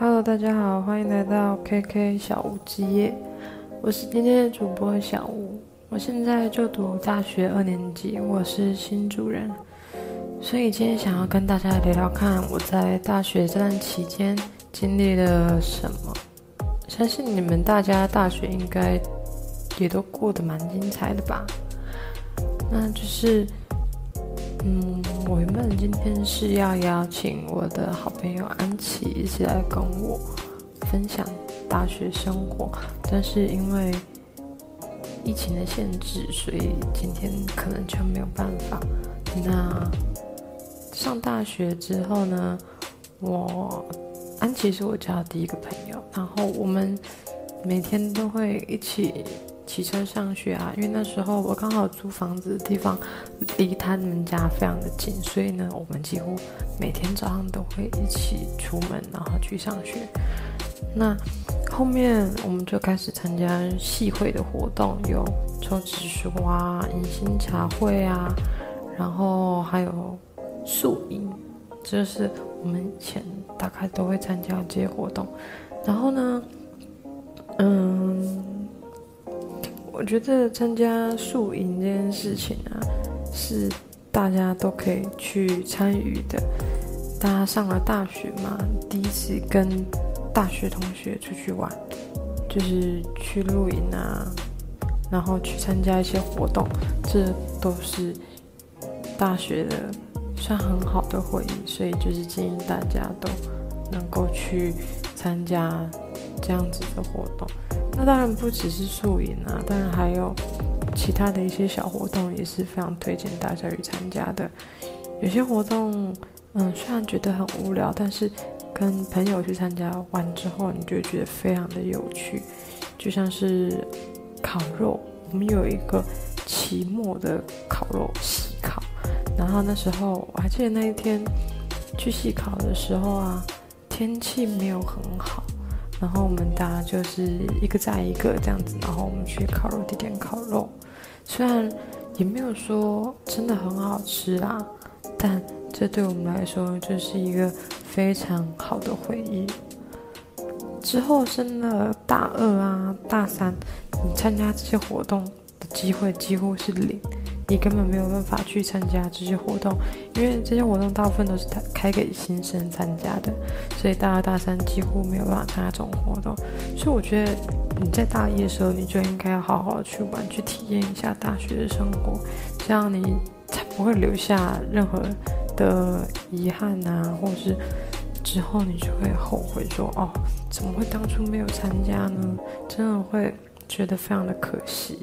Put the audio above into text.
Hello，大家好，歡迎來到 KK 小吳之夜，我是今天的主播小吳，我現在就讀大學二年級，我是新主人，所以今天想要跟大家聊聊看我在大學這段期間經歷了什麼，相信你們大家大學應該也都過得蠻精彩的吧，那就是。嗯，我原本今天是要邀請我的好朋友安琪一起來跟我分享大學生活，但是因為疫情的限制，所以今天可能就沒有辦法。那上大學之後呢，我安琪是我交的第一個朋友，然後我們每天都會一起。騎車上學啊，因為那時候我剛好租房子的地方離他們家非常的近，所以呢，我們幾乎每天早上都會一起出門，然後去上學。那後面我們就開始參加系會的活動，有抽紙書啊、迎新茶會啊，然後還有宿營，這、就是我們以前大概都會參加這些活動。然後呢，嗯。我覺得參加宿營這件事情啊，是大家都可以去參與的。大家上了大學嘛，第一次跟大學同學出去玩，就是去露營啊，然後去參加一些活動，這都是大學的算很好的回憶，所以就是建議大家都能夠去。參加這樣子的活動，那當然不只是宿營啊，當然還有其他的一些小活動，也是非常推薦大家去參加的。有些活動，嗯，雖然覺得很無聊，但是跟朋友去參加完之後，你就會覺得非常的有趣。就像是烤肉，我們有一個期末的烤肉系烤，然後那時候我還記得那一天去系烤的時候啊。天氣沒有很好，然後我們大家就是一個在一個這樣子，然後我們去烤肉地點烤肉，雖然也沒有說真的很好吃啊，但這對我們來說就是一個非常好的回憶。之後升了大二啊、大三，你參加這些活動的機會幾乎是零。你根本沒有辦法去參加這些活動，因為這些活動大部分都是開給新生參加的，所以大二大三幾乎沒有辦法參加這種活動。所以我覺得你在大一的時候，你就應該好好去玩，去體驗一下大學的生活，這樣你才不會留下任何的遺憾啊，或者是之後你就會後悔說，哦，怎麼會當初沒有參加呢？真的會覺得非常的可惜。